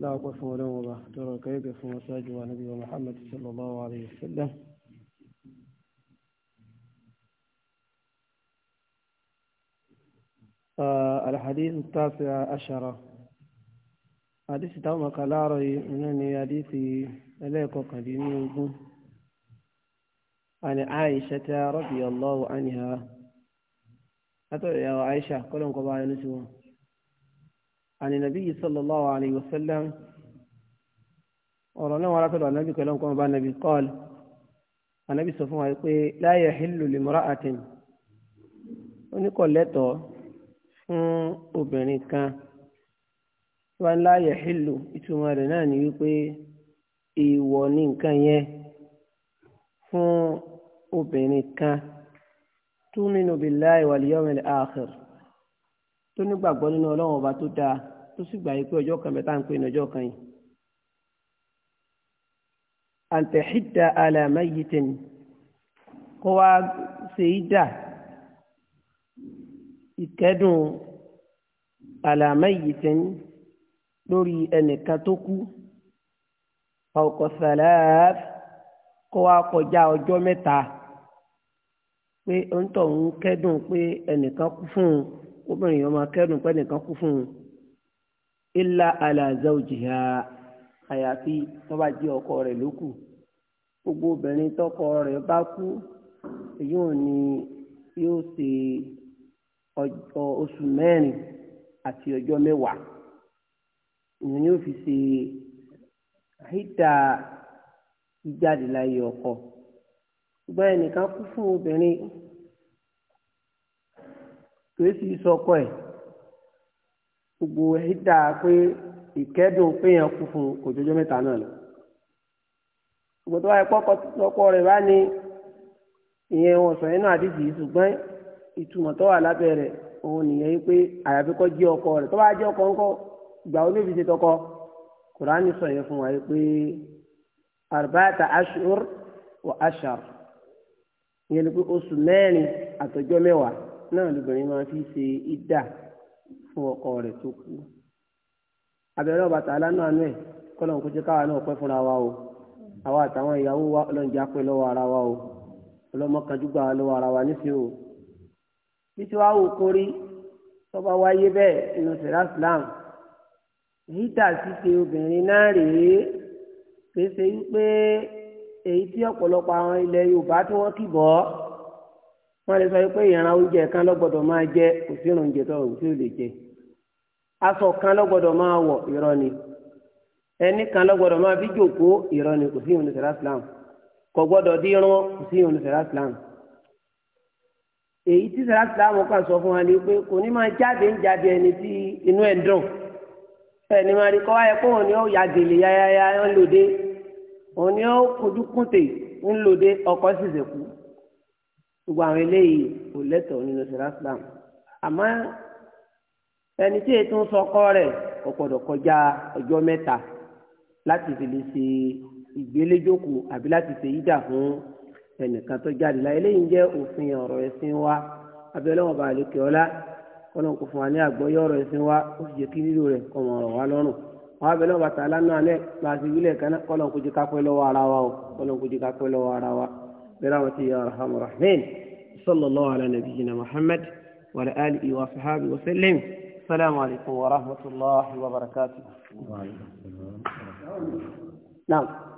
لا أقف ولو بأخطر كيف يفهم ساجوا نبي محمد صلى الله عليه وسلم آه، الحديث التاسع عشر حديث تاما كالاري من حديث عليك قديم عن عائشة رضي الله عنها أتوقع يا عائشة كلهم قبائل اسمه عن النبي صلى الله عليه وسلم ورنا ورثة النبي كلام كما بان النبي قال النبي صلى الله عليه وسلم لا يحل لامرأة ونقولته fún obìnrin kan tí wọn láàyè hìlù ìtumọ̀ rẹ̀ náà ni wípé èèwọ̀ ní nǹkan yẹn fún obìnrin kan túmínú billahi wal yawmil akhir tó nígbàgbọ́ nínú ọlọ́run ọba tó dáa tó sì gbà yí pé ọjọ́ kan bẹ́ẹ̀ tá à ń pè ní ọjọ́ kan yìí. àǹtẹ̀hídà alàmáyìtìn kó wá ṣe í dà ìkẹ́dùn alàmáyìtìn lórí ẹnìkan tó kú ọkọ̀sálà kó wá kọjá ọjọ́ mẹ́ta pé ń tọ̀ ń kẹ́dùn pé ẹnìkan kú fún un obìnrin yẹn máa kẹ́dùn pé nìkan kú fún un ilá àlàzà òjìyà àyàfi tó bá jẹ́ ọkọ rẹ̀ ló kù gbogbo obìnrin tọkọ rẹ̀ bá kú èyí ò ní yóò ṣe ọjọ́ oṣù mẹ́rin àti ọjọ́ mẹ́wàá ìyẹn ni ó fi ṣe àìdá jíjáde láyé ọkọ ṣùgbọ́n ẹnìkan kú fún obìnrin. èsì sọkọ ẹ̀ gbogbo ẹ̀ dà pé ìkẹ́dùn péyàn kú fún òjòjò mẹ́ta náà lọ. gbogbo tó wáyé pọ́kọ sọkọ rẹ̀ bá ní ìyẹn wọn sọ nínú àdìsí ṣùgbọ́n ìtumọ̀ tó wà lábẹ́ rẹ̀ òun nìyẹn pé àyàfi kọ́ jẹ́ ọkọ gba tó bá ọkọ gbà ó níbi ṣe tọkọ kùránì sọ yẹn fún wa pé ashur wa ashar ìyẹn ni pé oṣù mẹ́rin àtọjọ́ mewa. náà lóbìnrin máa fi ṣe ìdá fún ọkọ rẹ̀ tó kú abẹ́rẹ́ ọba tààlà náà nù ẹ̀ kọ́lọ̀ kó jẹ́ káwa náà pẹ́ fúnra wa o àwa àtàwọn ìyàwó wa ọlọ́run jẹ́ apẹ́ lọ́wọ́ ara wa o ọlọ́mọkànjú gbà wá lọ́wọ́ ara wa nífẹ̀ẹ́ o bí tí wàá wò kórí tọ́ba wáyé bẹ́ẹ̀ inú sẹ̀rá islam hítà ṣíṣe obìnrin náà rèé kèé ṣe wípé èyí tí ọ̀pọ̀lọpọ̀ àwọn ilẹ̀ Yorùbá tí wọ́n kì bọ́ wọ́n lè sọ pé ìran oúnjẹ kan lọ́gbọ́dọ̀ máa jẹ kò sí oúnjẹ tó ò sí lè jẹ aṣọ kan lọ́gbọ́dọ̀ máa wọ̀ ni ẹni kan lọ́gbọ́dọ̀ máa fi jòkóó irọ́ ni kò sí ìrùn ìṣẹ̀lá islam kò gbọ́dọ̀ dín kò sí sọ fún wa ni pé kò ní máa jáde ń jáde ẹni tí inú ẹ̀ ya gèlè yáyáyá ńlòdé òun ni ó kojú gbogbo àwọn eléyìí kò lẹ́tọ̀ọ́ nínú sẹ́rásìlám àmọ́ ẹni tí ètò ń sọkọ rẹ̀ kò gbọ́dọ̀ kọjá ọjọ́ mẹ́ta láti fi lè ṣe ìgbéléjókòó àbí láti ṣe yídà fún ẹnìkan tó jáde la eléyìí jẹ́ òfin ọ̀rọ̀ ẹ̀sìn wa abẹ́lẹ́wọ̀n bá lè kẹ́ ọ lá kọ́nà kò fún wa ní àgbọ́yé ọ̀rọ̀ ẹ̀sìn wa ó sì jẹ́ kí lílo rẹ̀ kọ́ mọ̀ ọ̀rọ̀ wa lọ́rùn àwọn abẹ́lẹ́wọ̀n bàtà alánú alẹ́ máa ti wílẹ̀ kọ́nà kò jẹ́ kápẹ́ lọ́wọ́ ara wa o kọ́nà kò jẹ́ kápẹ́ lọ́wọ́ ara wa. برحمتك يا أرحم الراحمين صلى الله على نبينا محمد وعلى آله وصحبه وسلم السلام عليكم ورحمة الله وبركاته وعليكم السلام نعم